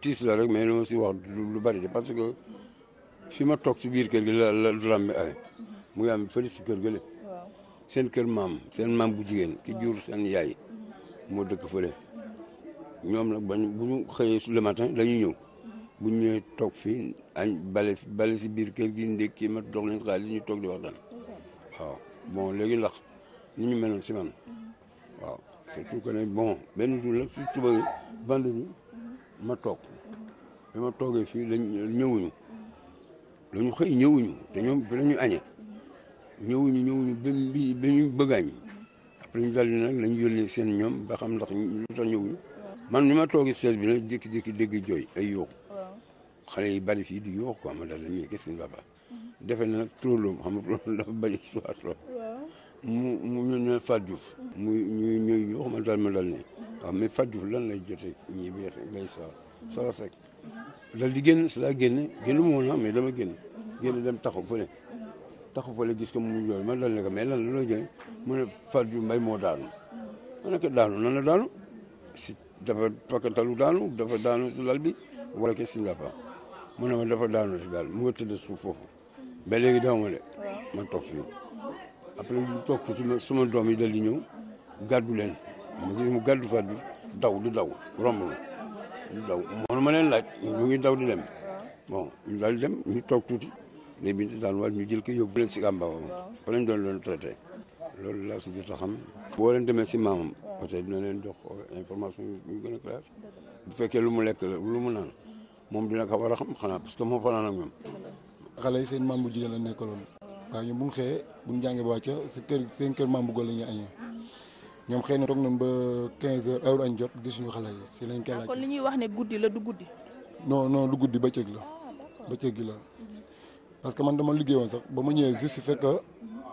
tiis la rek mais lu ma si wax lu bari de parce que fi ma toog si biir kër gi la la drame bi amee mu ngi am fële si kër gi la seen kër maam seen maam bu jigéen ki jur seen yaay moo dëkk fële ñoom nag bañ bu ñu xëyee le matin dañuy ñëw bu ñëwee toog fi añ bale bale si biir kër gi ndékki ma dox leen xaalis ñu toog di waxtaan waaw bon léegi ndax ni ñu meloon si man mm-hmm. waaw surtout que ne bon benn jour la su tuba vendredi ma toog bi ma toogee fii lañ ñëwuñu dañu xëy ñëwuñu te ñoom fi la ñu añee ñëwuñu ñëwuñu ba bi ba ñu bëgg añ après ñu dal di nag lañ yónnee seen ñoom ba xam ñu lu tax ñëwuñu man ni ma toogee sees bi nag jékki-jékki jooy ay yuux xale yi bari fii di yuux quoi ma dal di mii gis suñu baba defe na nag trop loolu xam nga dafa bari soit trop mu mu ñu ne Fatou mu ñu ñu ma waxuma ma daal ne waaw mais Fatou Diouf lan lay jotee ñii bay bay saa saa sec dal di génn si laa génn génn mu woon ah, mais dama génn génn dam taxaw fële taxaw fële gis ko mu jooy ma dal ne ko mais lan la lay jooy mu ne Fatou Diouf mbay moo daanu ma ne ko daanu nan la daanu si dafa pakatalu daanu dafa daanu si lal bi wala ke si la mu ne ma dafa daanu si daal mu nga tëdd suuf foofu ba léegi dama ma de man toog fii après mu toog suma suma doom yi dal di ñëw gàddu leen mu gis mu gàddu faat bi daw du daw romb ma daw moom ma leen laaj ñu ngi daw di leen bon ñu daal di dem ñu toog tuuti léegi bi daan waat ñu jël ko yóbbu leen si gàmbaaw fa lañ doon doon traité loolu laa si jot a xam boo leen demee si maamam peut-être dina leen jox information yu gën a clair bu fekkee lu mu lekk la lu mu naan moom dina ko war a xam xanaa parce que moo fanaan ak ñoom xale yi seen maam bu jigéen waaw ñoom bu ñu xëyee bu ñu jàngee ba wàcc si kër seen kër maam bu añee ñoom xëy na toog nañ ba 15 heures heure añ jot gisuñu xale yi si lañ koy laaj. Ah, kon li wax ne guddi la du guddi. non du guddi bëccëg la bëccëg gi la parce que man dama liggéey woon sax ba ma ñëwee juste fekk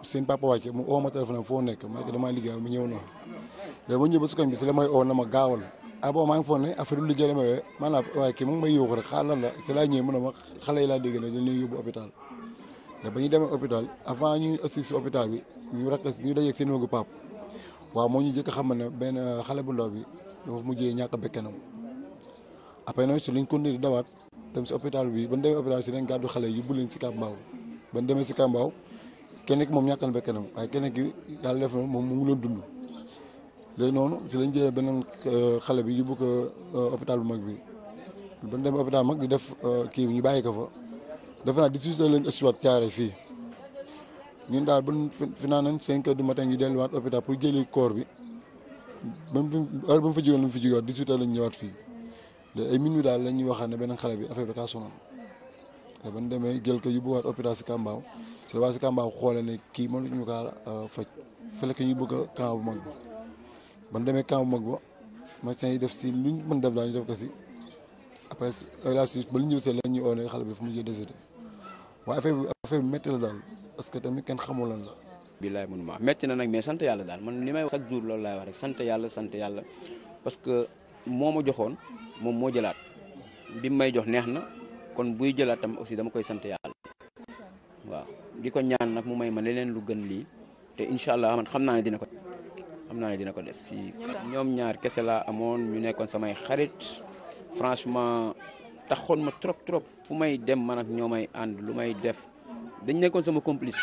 seen papa wàcce mu oo ma nekk ma nekk damaa liggéey ñëw noonu léegi ma ñëw ba sukkan bi si la may oo na ma gaawal ah bon maa ngi foog ne affaire lu liggéey la ma wee maanaam waaye kii mu ngi may yóoxu rek xaaral la si laa ñëwee mu a ma xale yi laa dégg ne dañ te ba ñu demee hôpital avant ñuy aussi si hôpital bi ñu rakas ñu dajeeg seen wëggu paap waaw moo ñu jëkk xam ne benn xale bu ndaw bi dafa mujjee ñàkk bekkenam après nag si lañ continué dawaat dem si hôpital bi ban demee hôpital si gàddu xale yi yóbbu leen si Kambaaw ban demee si Kambaaw kenn ki moom ñàkk na bekkenam waaye kenn ki moom mu ngi leen dund noonu si lañ jëlee beneen euh, xale bi yóbbu ko euh, hôpital bu mag bi ban demee hôpital mag di def euh, kii bi ñu bàyyi ko fa defe naa 18 heures lañ ëstuwaat caare fii ñun daal ba fi naan nañ 5 heures du matin ñu delluwaat hôpital pour jëli corps bi ba mu heure ba mu fa jógee fi jógee waat 18 lañ ñëwaat fii de ay minuit daal lañ ñuy waxaat ne beneen xale bi affaire bi da kaa sonal te ba ñu demee jël ko yóbbuwaat hôpital si Kambaaw si la xoolee ne kii moom la ñu kaa euh, faj fële que ñu a camp bu demee camp yi def si luñ mën def ñu def ko si après la oo xale bi fu mu jël décédé waaye affaire bi affaire bi métti la daal parce que tamit kenn xamul lan la. bilaay mënuma métti na nag mais sant yàlla daal man li may chaque jour loolu laay wax rek sant yàlla sant yàlla parce que moo ma joxoon moom moo jëlaat bi may jox neex na kon buy jëlaat tam aussi dama koy sant yàlla waaw di ko ñaan nag mu may ma leneen lu gën lii te incha allah man xam naa ne dina ko xam naa dina ko def si ñoom ñaar kese laa amoon mu nekkoon samay xarit franchement tax taxoon ma trop trop fu may dem man ak ñoo may ànd lu may def dañ nekkoon sama complice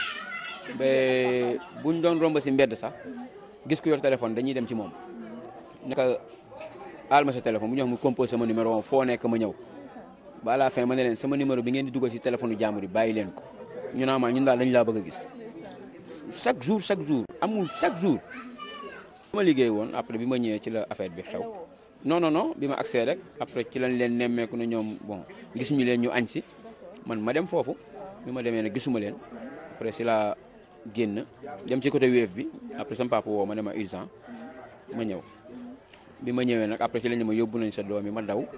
bu buñ doon romb si mbedd sax gis ku yor téléphone dañuy dem ci moom naka aal ma sa téléphone bu ñu wax mu composé sama numéro foo nekk ma ñëw ba à la fin ma ne leen sama numéro bi ngeen di dugal si téléphone jàmbur yi bàyyi leen ko ñu naa ma ñu daal dañu laa bëgg a gis chaque jour chaque jour amul chaque jour ma liggéey woon après bi ma ñëwee ci la affaire bi xew non non bi ma agsee rek après ci lañ leen nemmeeku na ñoom bon gisuñu leen ñu añ si man ma dem foofu bi ma demee ne gisuma leen après si laa génn dem ci côté Wave bi après sama papa woo ma ne ma urgent ma ñëw bi ma ñëwee nag après ci lañ ma yóbbu nañ sa doom yi ma daw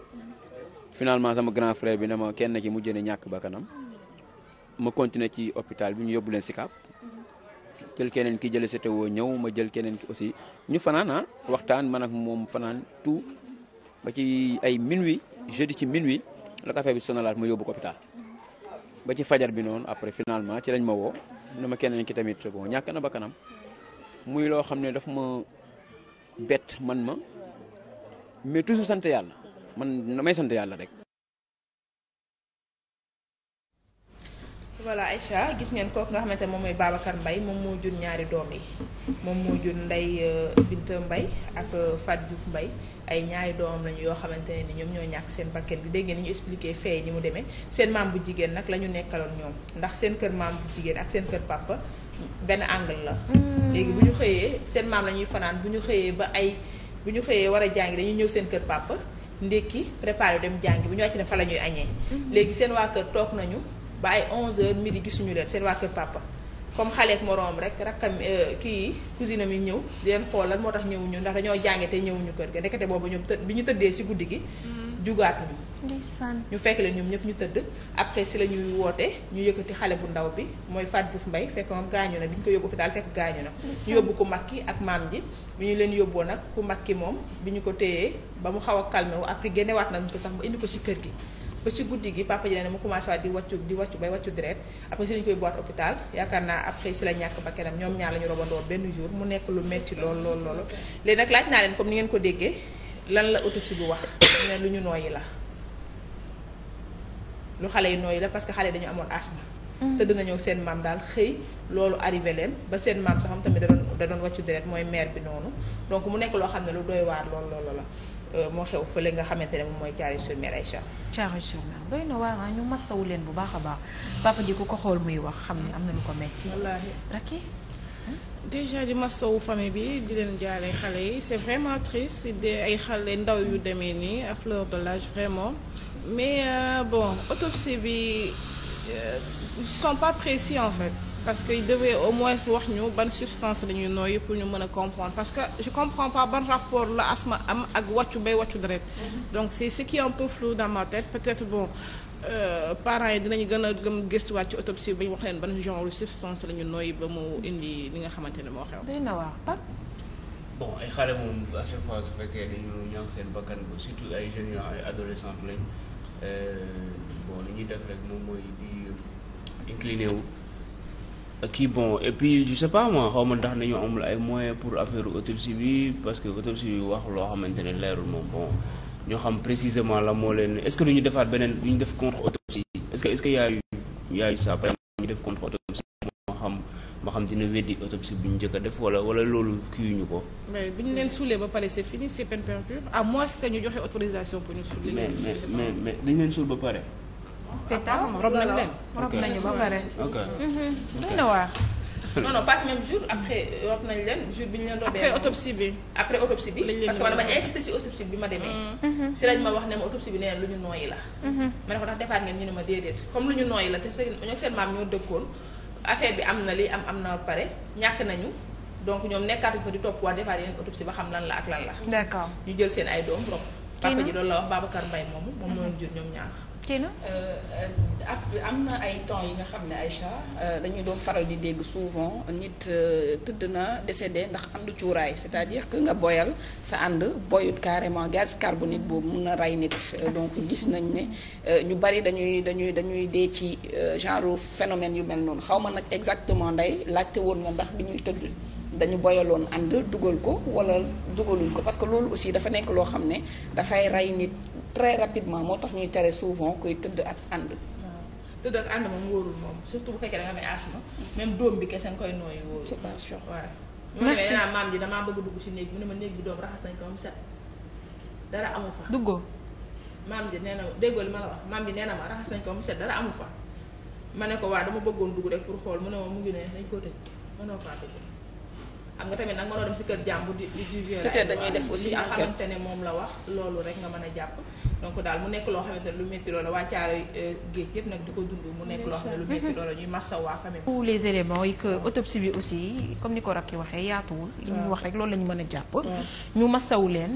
finalement sama grand frère bi na ma kenn ki mujj na ñàkk bakkanam ma continuer ci hôpital bi ñu yóbbu leen si Sicap jël keneen ki jële CTO ñëw ma jël keneen ki aussi ñu fanaan ah waxtaan man ak moom fanaan tout ba ci ay minuit jeudi ci minuit la affaire bi sonalaat ma yóbbu ko ba ci fajar bi noonu après finalement ci lañ ma woo ne ma keneen ki tamit bon ñàkk na ba kanam muy loo xam ne dafa ma bett man ma mais toujours sant yàlla man damay sant yàlla rek. voilà Aïcha gis ngeen kook nga xamante moom mooy Babacar Mbaye moom moo jur ñaari doom yi moom moo jur Ndeye euh, Binta mbay ak euh, Fatou Diouf mbay ay ñaari doomam lañu yoo xamante ne ni ñoom ñoo ñàkk seen bakken bi dégg ni ñu expliqué fee ni mu demee seen maam bu jigéen nag la ñu nekkaloon ñoom ndax seen kër maam bu jigéen ak seen kër papa benn angle la. Hmm. léegi bu ñu xëyee seen maam la ñuy fanaan bu ñu xëyee ba ay bu ñu xëyee war a jàngi dañuy ñëw seen kër papa ndékki préparé dem jàngi bu ñu wàcc ne la ñuy añee. Hmm. léegi seen waa kër toog nañu ba ay 11h midi gisuñu leen seen waa kër papa comme xaleek moroom rek rakkam euh, kii cousine am yi ñëw di leen xool lan moo tax ñëwuñu ndax dañoo jànge te ñëwuñu kër ga ndekete boobu ñoom të bi ñu tëddee si guddi gi. Mm. jugaatuñu. ñu fekk leen ñoom ñëpp ñu tëdd après si la ñuy woote ñu yëkkati xale bu ndaw bi mooy Fatou Diouf Mbaye fekk moom gaañu na bi ñu ko yóbbu hôpital fekk gaañu na ñu yóbbu ku mag ki ak maam ji bi ñu leen yóbboo nag ku mag ki moom bi ñu ko téyee ba mu xaw a calmé wu après génnewaat nañ ko sax indi ko si kër gi ba ci guddi gi papa ji nee na mu commencé waat di wàccu di wàccu bay wàccu direct après si lañ koy boîte hôpital yaakaar naa après si la ñàkk bakkanam ñoom ñaar la ñu robandoor benn jour mu nekk lu metti lool lool loolu léegi nag naa leen comme ni ko déggee lan la autopsie bi wax lu ñu nooyi la lu xale yi nooyi la parce que xale dañu amoon asthme mm. tëdd nañoo seen maam daal xëy loolu arrivé leen ba seen maam sax am da doon da doon mooy mère bi noonu donc mu nekk loo xam ne lu doy waar lool loolu la Euh, moo xew fële nga xamante ne moom mooy Thiaroye sur Mer Aïcha Thiaroye sur doy na waar ñu masawu leen bu baax a baax papa ji ku ko xool muy wax xam ne am na lu ko metti wallaahi Racky déjà di masawu famille bi di leen jaale xale yi c'est vraiment triste de ay xale ndaw yu demee nii à fleur de l'âge vraiment mais euh, bon autopsie bi euh, ils pas précis en fait parce que il au moins wax ñu ban substance la ñuy nooyi pour ñu mën a comprendre parce que je comprends pas ban rapport la asma am ak wàccu bay wàccu deret donc c'est ce qui est un peu flou dans ma tête peut-être bon euh, parents yi dinañu gën a gëm gëstuwaat ci autopsie ba ñu wax leen ban genre substance la ñu nooyi ba mu indi li nga xamante ne moo xew. na waar Pape. ay xale moom à chaque fois su fekkee dañu ñàkk seen bakkan ko surtout ay jeunes ay adolescents euh, bon li ñuy def rek moom mooy di wu. kii bon et puis je sais pas moi xaw ma ndax nañu amul ay moyens pour affaire autopsie bi parce que autopsie bi wax loo xamante ne leerul moom bon ñoo xam précisément la moo leen est ce ñu defaat beneen du ñu def contre autopsie est ce moo xam moo xam dina weddi autopsie bu ñu njëkk a def wala wala loolu kii ñu ko. mais bu ñu leen suulee ba pare c'est fini c'est peine perdue à moins que ñu joxe autorisation pour ñu suulee. mais mais dañu leen suul ba pare. te ah, rob nañu ba pare ok doy mhm. na waar non non pas bi ñu leen robee après autopsie bi après autopsie bi parce que man insisté si autopsie bi ma demee mhm. si lañ ma wax ne ma autopsie bi nee lu ñu nooyi la mhm. ma ne ko tax defaat ngeen ñu ne ma déedéet comme lu ñu nooyi la te seen ñoo seen maam ñoo dëkkoon affaire bi am na lii am am na pare ñàkk nañu donc ñoom nekkaatuñu fa di topp waa defaat yeneen autopsie ba xam lan la ak lan la d'accord ñu jël seen ay doom rob papa ji loolu la wax Babacar Mbaye moomu moom moo jur ñoom ñaar kii Tina euh, euh, am na ay temps yi nga xam ne ay Aïcha euh, dañuy doon faral di dégg souvent nit tëdd na décédé ndax àndu cuuraay c'est-à-dire que nga boyal sa ànd boyut carrément gaz carbonique boobu mun na rey nit donc gis nañ ne ñu bari dañuy dañuy dañuy dee ci genre phénomène yu mel noonu xaw ma nag exactement nday laajte woon nga ndax bi ñuy tëdd dañu boyaloon ànd dugal ko wala dugaluñ ko parce que loolu aussi dafa nekk loo xam ne dafay rey nit très rapidement moo tax ñuy tere souvent koy tëdd ak ànd. tëdd ak ànd mu wóorul moom surtout bu fekkee da nga amee asthme mm. même doom bi kese nga koy nooy wóorul. c'est pas sûr waaw. merci ma maam ji damaa bëgg dugg si néeg bi mu ne ma néeg bi doom raxas nañ ko moom set dara amu fa. duggoo. maam ji nee na déggoo li ma la wax maam ji nee na ma raxas nañ ko moom set dara amu fa ma ne ko waa dama bëggoon dugg rek pour xool mu ne ma mu ngi ne dañ koo tëj mënoo faa tëj. xam nga tamit nag mënoo dem si kër jàmbur di di violer peut-être dañuy moom la wax loolu rek nga mën a jàpp donc daal mu nekk loo xamante ne lu métti loola waa Thiaroye euh, géej yëpp nag di ko ne lu métti loola ñuy massa waa famille tous les éléments yi que autopsie bi aussi comme ni ko rakk yi waxee yaatuwul li ñu wax rek loolu la ñu mën a jàpp ñu massawu leen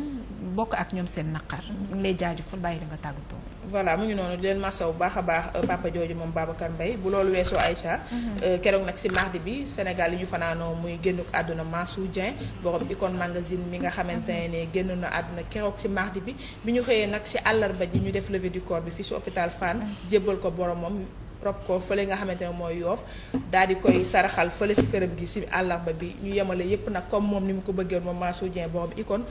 bokk ak ñoom seen naqar mm-hmm. ñu ngi lay jaajëfal bàyyi da nga tàggatoo voilà mu ngi noonu leen masaw bu baax a baax euh, papa jooju moom Babacar mbay bu loolu weesoo Aïcha mhm. euh, keroog nag si mardi bi Sénégal yi ñu fanaanoo muy génnuk àdduna Mansour dien borom Icône magazine mi nga xamante mhm. ne génn na àdduna keroog ci mardi bi bu ñu xëyee nag si àllarba ji ñu def levée du corps bi fii si hôpital fan mhm. jébbal ko boromam rob ko fële nga xamante ne mooy yoof daal di koy saraxal fële si këram gi si àllarba bi ñu yemale yëpp nag comme moom ni mu ko bëggee moom Mansour Dieng borom Icône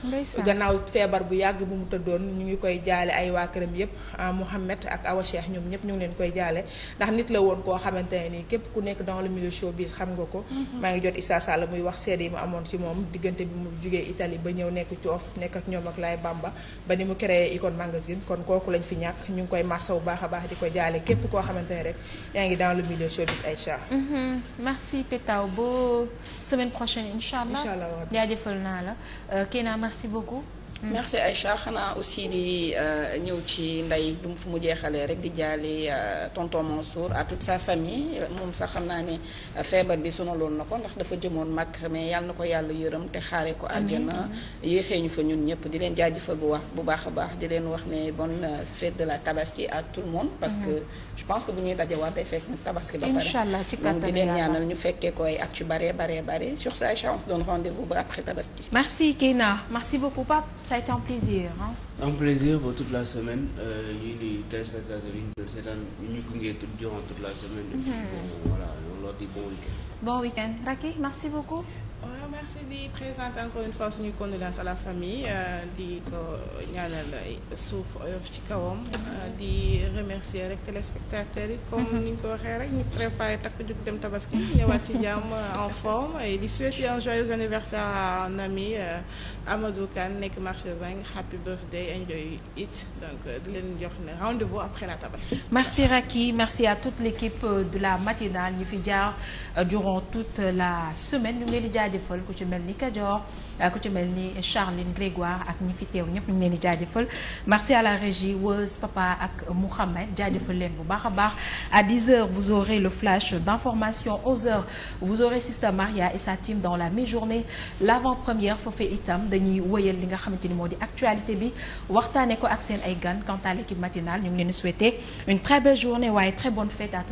gannaaw feebar bu yàgg bu mu tëddoon ñu ngi koy jaale ay waa këram yëpp ah, Mouhamed ak Awa Cheikh ñoom ñëpp ñu leen koy jaale ndax nit la woon koo xamante ne nii képp ku nekk dans le milieu showbiz xam nga ko mm-hmm. maa ngi jot Issa Sall muy wax seede yi mu amoon si moom diggante bi mu jugee Italie ba ñëw nekk coof nekk ak ñoom ak Laye Bamba ba mu créé Icône magazine kon kooku lañ fi ñàkk ñu ngi koy massaw baax a baax di ko jaale képp koo xamante ne rek rek yaa ngi dans le milieu showbiz Aïcha. Mhm. merci Pétaw ba semaine prochaine incha allah. incha allah jaajëfal naa la euh, Kéna merci beaucoup. Mm. merci Aïcha xanaa aussi di euh, ñëw ci ndey lu mu fu mu jeexalee rek di jaali euh, tonton Mansour à toute sa famille moom sax xam naa ne feebar bi sonaloon na ko ndax dafa jëmoon mag mais yàlla na ko yàlla yërëm te xaaree ko àjjana yéexee ñu fa ñun ñëpp di leen jaajëfal bu wax bu baax a baax di leen wax ne bonne euh, fête de la tabaski à le monde parce que mm-hmm. je pense que bu ñuy dajewaat day fekk nag tabaski ba pare donc di leen ñaanal ñu fekkee ko ay at baree baree bare sur ça Aïcha on se donne rendez-vous ba après tabaski merci Keina merci Ça a été en plaisir ah. plaisir ba toute la semaine euh, ñuy nuyu téléspectateurs yi ñu doon seetaan ñu gunge tout durant toute la semaine. et mm-hmm. voilà lo di bon week-end. bon week Racky merci beaucoup. waaw merci di présenter encore une fois suñu condoléances à la famille euh, di ko ñaanal suuf oyof ci kawam. Euh, di remercier rek téléspectateurs yi. comme mhm. ni ñu ko waxee rek ñu préparé takku jug dem tabaski. ñëwaat ci jàmm en forme et di souhaiter un joyeux anniversaire à un ami euh, Amadou Kane nekk marché Zing happy birthday enjoy it donc di leen jox ne rendez-vous après la tabaski. merci Racky merci à toute l'équipe de la matinale ñu fi jaar durant toute la semaine ñu ngi jaajëfal ku ci mel ni Kajoor euh, ku ci mel ni Charline Grégoire ak ñi fi teew ñëpp ñu ngi leen di jaajëfal merci à la régie Weuz Papa ak Mouhamed jaajëfal leen bu baax a baax à 10h vous aurez le flash d'information 11h vous aurez Sister Maria et sa team dans la mi-journée l'avant-première foofee itam dañuy wëyal li nga xamante ni moo di actualité bi waxtaanee ko ak seen ay gan quant à l'équipe matinale ñu ngi leen di souhaiter une très belle journée waaye très bonne fête à